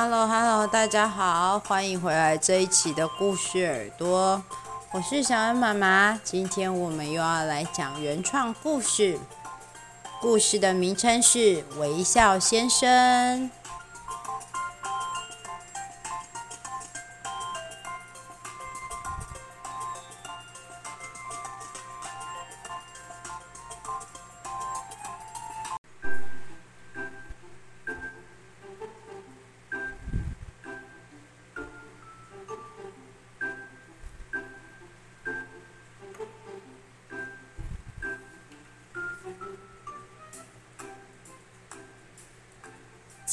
Hello，Hello，hello，大家好，歡迎回來這一期的故事耳朵，我是小恩媽媽，今天我們又要來講原創故事，故事的名稱是微笑先生。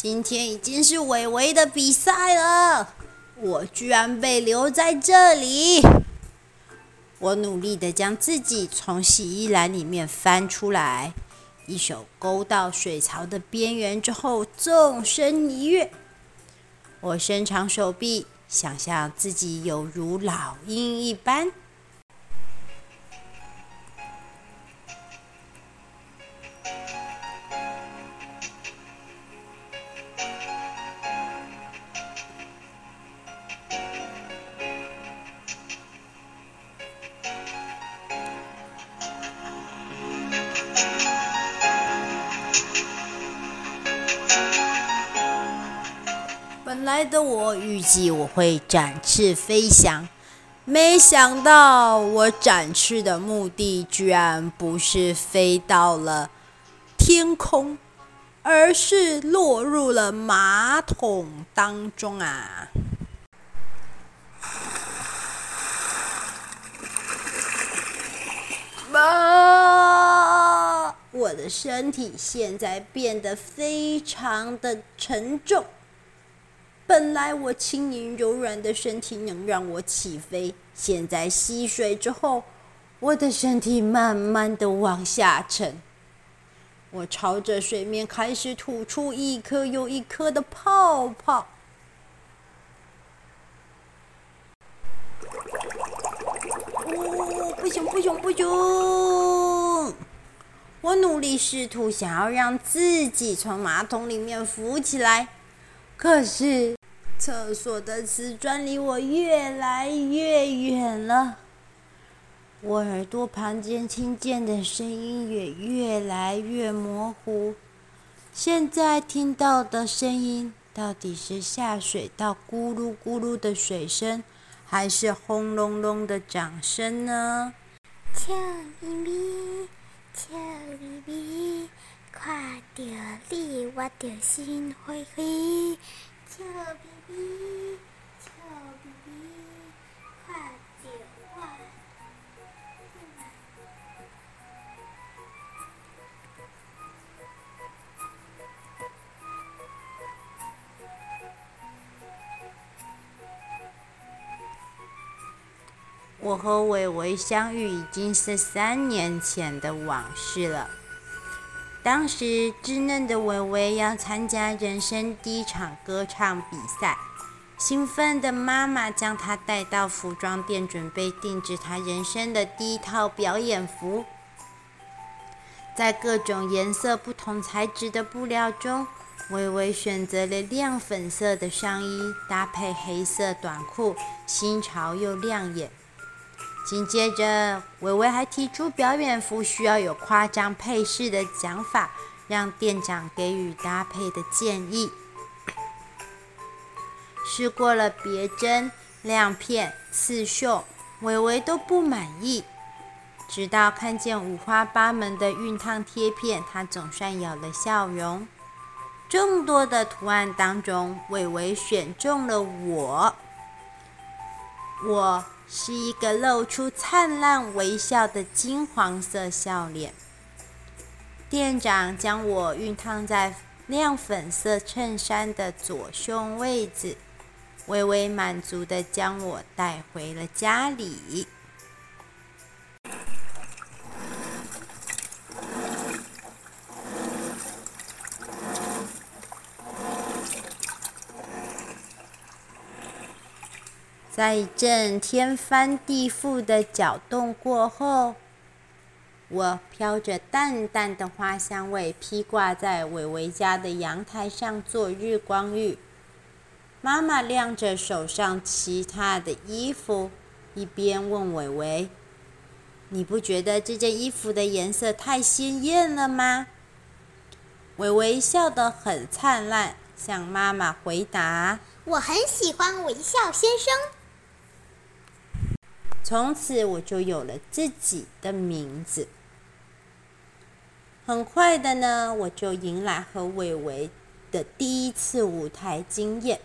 今天已經是瑋瑋的比賽了，我居然被留在這裡。我努力的將自己從洗衣籃裡面翻出來，一手勾到水槽的邊緣之後，縱身一躍。我伸長手臂，想象自己有如老鷹一般。的我預計我會展翅飛翔，沒想到我展翅的目的居然不是飛到了天空，而是落入了馬桶當中啊！媽、啊，我的身體現在變得非常的沉重。本來我輕盈柔軟的身體能讓我起飛，現在吸水之後，我的身體慢慢的往下沉。我朝着水面開始吐出一顆又一顆的泡泡。嗚、哦，不行不行不行！我努力試圖想要讓自己從馬桶裡面浮起來，可是。廁所的瓷磚離我越來越遠了，我耳朵旁邊聽見的聲音也越來越模糊。現在聽到的聲音到底是下水道咕嚕咕嚕的水聲，還是轟隆隆的掌聲呢？看着你，我的心會會我和瑋瑋相遇已經是三年前的往事了。當時，稚嫩的瑋瑋要參加人生第一場歌唱比賽，興奮的媽媽將她帶到服裝店，準備定制她人生的第一套表演服。在各種顏色、不同材質的布料中，瑋瑋選擇了亮粉色的上衣，搭配黑色短褲，新潮又亮眼。緊接着，瑋瑋還提出表演服需要有誇張配飾的講法，讓店長給予搭配的建議。試過了別針、亮片、刺繡，瑋瑋都不滿意。直到看見五花八門的熨燙貼片，她總算有了笑容。眾多的圖案當中，瑋瑋選中了我，我，是一個露出燦爛微笑的金黃色笑臉。店長將我熨燙在亮粉色襯衫的左胸位置，瑋瑋滿足地將我帶回了家裡。在一陣天翻地覆的攪動過後，我飄着淡淡的花香味，披掛在瑋瑋家的陽台上做日光浴。媽媽晾着手上其他的衣服，一邊問瑋瑋：“你不覺得這件衣服的顏色太鮮艷了嗎？”瑋瑋笑得很燦爛，向媽媽回答：“我很喜歡微笑先生。”從此我就有了自己的名字。很快的呢，我就迎來和瑋瑋的第一次舞台經驗。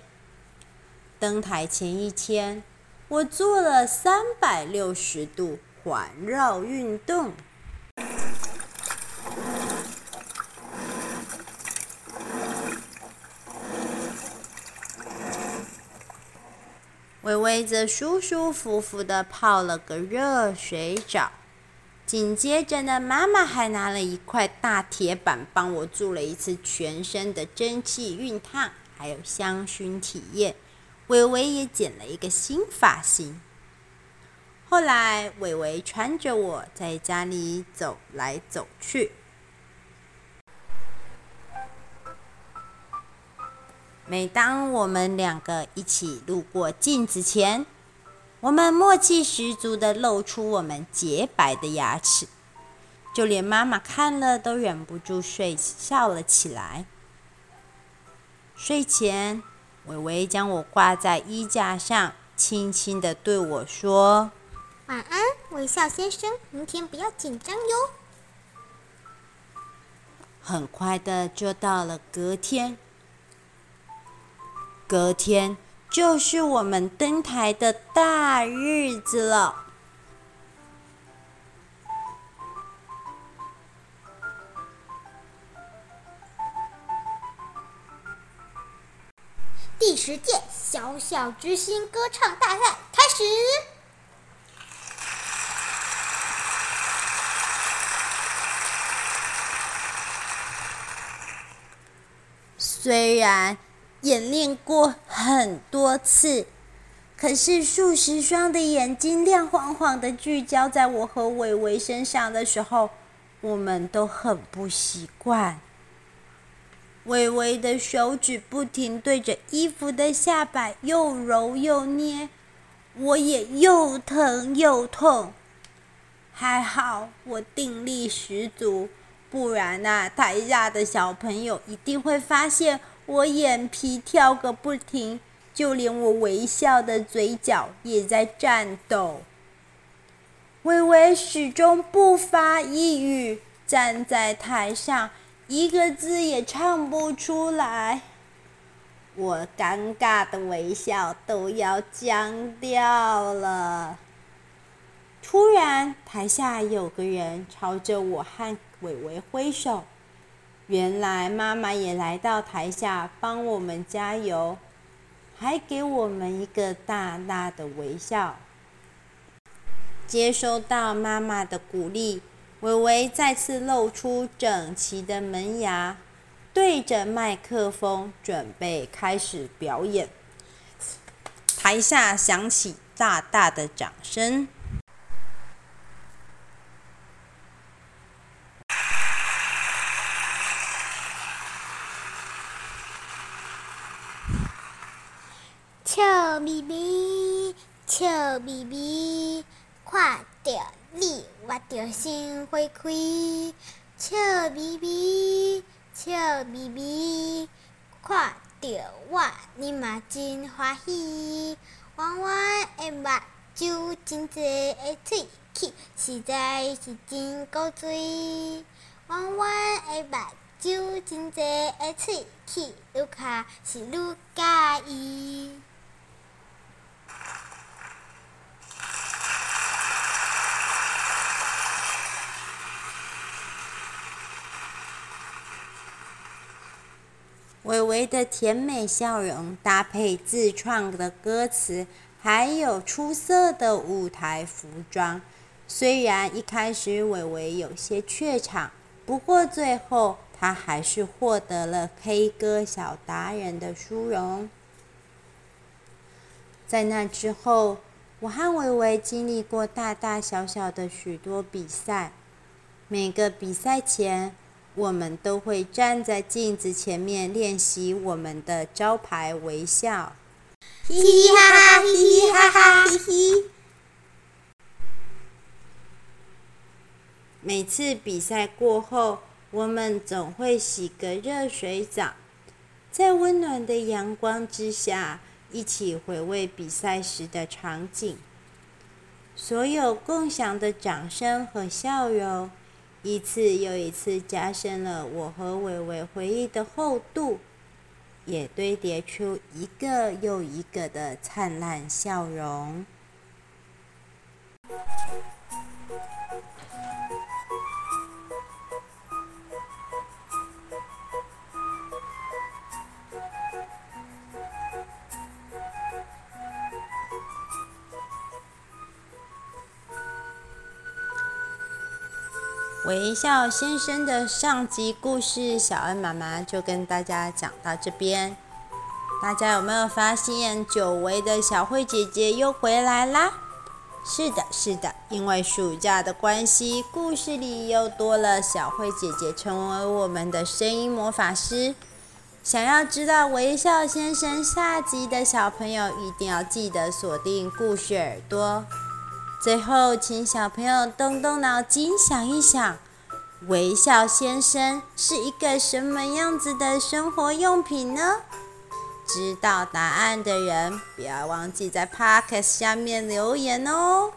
登臺前一天，我做了三百六十度環繞運動。瑋瑋則舒舒服服的泡了個熱水澡，緊接着呢，媽媽還拿了一塊大鐵板幫我做了一次全身的蒸汽熨燙，還有香薰體驗。瑋瑋也剪了一個新髮型。後來，瑋瑋穿着我在家裡走來走去。每當我們兩個一起路過鏡子前，我們默契十足的露出我們潔白的牙齒，就連媽媽看了都忍不住睡笑了起來。睡前，瑋瑋將我掛在衣架上，輕輕的對我說：“晚安，微笑先生，明天不要緊張喲。”很快的就到了隔天。隔天就是我們登臺的大日子了。第十屆小小之星歌唱大賽開始。雖然，演練過很多次，可是數十雙的眼睛亮晃晃地聚焦在我和瑋瑋身上的時候，我們都很不習慣。瑋瑋的手指不停對着衣服的下擺又揉又捏，我也又疼又痛。還好我定力十足，不然吶、啊，台下的小朋友一定會發現。我眼皮跳個不停，就連我微笑的嘴角也在顫抖。瑋瑋始終不發一語，站在台上，一個字也唱不出來。我尷尬的微笑都要僵掉了。突然，台下有個人朝着我和瑋瑋揮手。原來媽媽也來到台下幫我們加油，還給我們一個大大的微笑。接收到媽媽的鼓勵，瑋瑋再次露出整齊的門牙，對着麥克風準備開始表演。台下響起大大的掌聲。笑眯眯，笑眯眯，看到你我著心花開。笑眯眯，笑眯眯，看到我你嘛真歡喜。彎彎的目睭，真濟的喙齒，實在是真古錐。彎彎的目睭，真濟的喙齒，愈看是愈佮意。瑋瑋的甜美笑容，搭配自創的歌詞，還有出色的舞台服裝。雖然一開始瑋瑋有些怯場，不過最後她還是獲得了 K 歌小達人的殊榮。在那之後，我和瑋瑋經歷過大大小小的許多比賽，每個比賽前，我們都會站在鏡子前面練習我們的招牌微笑，嘻嘻哈哈，嘻嘻哈哈，嘻嘻。每次比賽過後，我們總會洗個熱水澡，在溫暖的陽光之下，一起回味比賽時的場景，所有共享的掌聲和笑容。一次又一次加深了我和瑋瑋回憶的厚度，也堆疊出一個又一個的燦爛笑容。微笑先生的上集故事，小恩媽媽就跟大家講到這邊。大家有沒有發現久違的小慧姐姐又回來啦？是的，是的，因為暑假的關係，故事裡又多了小慧姐姐，成為我們的聲音魔法師。想要知道微笑先生下集的小朋友，一定要記得鎖定故事耳朵。最後，請小朋友動動腦筋想一想，微笑先生是一個什麼樣子的生活用品呢？知道答案的人，不要忘記在 Podcast 下面留言哦。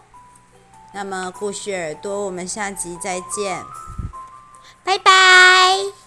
那麼，故事耳朵，我們下集再見，拜拜。